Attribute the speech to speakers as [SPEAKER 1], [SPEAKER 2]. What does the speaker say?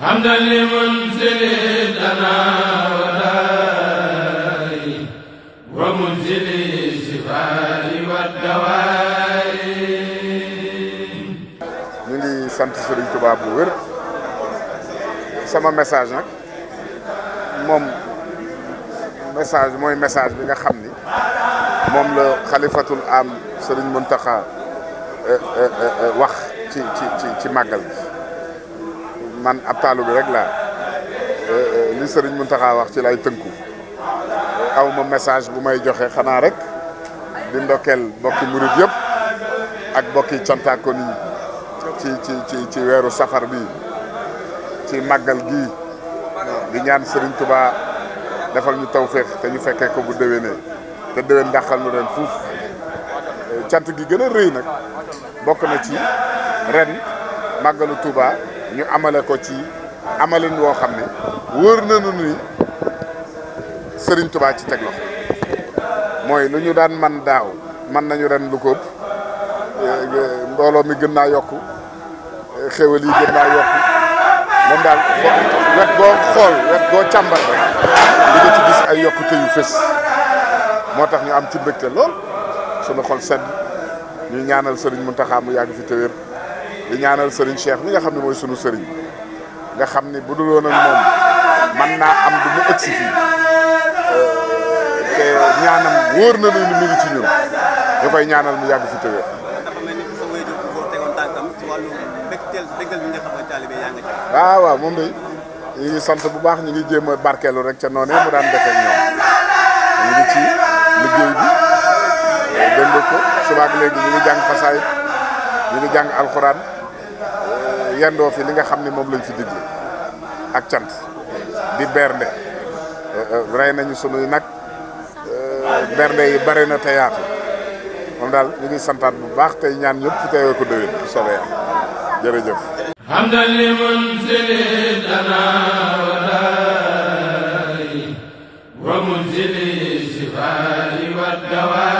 [SPEAKER 1] حمدا لمنزل لنا ولاي ومنزل الشفاء والدواء نيجي سانت سيري توبا بوير سما مساج نك موم مساج موي مساج ليغا خامني موم لو خليفه العام سيرين منتخا واخ تي تي تي تي ماغال man ab taalu bi rek la euh, euh, li sëriñ Mountakha wax ci lay tënku aw ma message bu may joxe xanaa rek di ndokkeel bokki murit yëpp ak bokki cantaakon ni ci ci ci ci weeru safar bi ci màggal gi di ñaan sëriñ Touba defal ñu tawféex te ñu fekkee ko bu déwénee te déwén ndaxal nu ren fuuf euh, cant gi gën a rëy nag bokk na ci ren màggalu Touba ñu amale ko ci amalin woo xam ne wóor nañu ni sëriñ tubaa ci teg loxo mooy lu ñu daan man daaw man nañu ren lu ko mbooloo mi gën naa yokku xéwal yi gën naa yokku moom daal wet goo xool wet goo càmbar rek di nga ci gis ay yokkute yu fës moo tax ñu am ci mbégte lool sunu xol sedd ñuy ñaanal sëriñ Muntaxa mu yàgg fi te wér di ñaanal sëriñ Cheikh mi nga xam ne mooy sunu sëriñ nga xam ni bu dul woon moom man naa am du mu ëgsi fii te ñaanam wóor na lu mu ngi ci ñun koy ñaanal mu yàgg fi tëwee. waaw waaw moom day ñu ngi sant bu baax ñu ngi jéem a barkeelu rek ca noonee mu daan defee ñoom ñu ngi ci liggéey bi dégg ko subaak léegi ñu ngi jàng fasaay ñu ngi jàng alxuraan. yandoo fi li nga xam ne moom lañ fi digle ak cant di bernde euh, euh, rey nañu sunuy nag euh, bernde yi bare na teyaat yaatu moom daal ñu ngi santaat bu baax tey ñaan ñëpp fi ko déwén bu soobee yàlla jërëjëf hamdan liman silidana walai wa munzili sifai wa dawai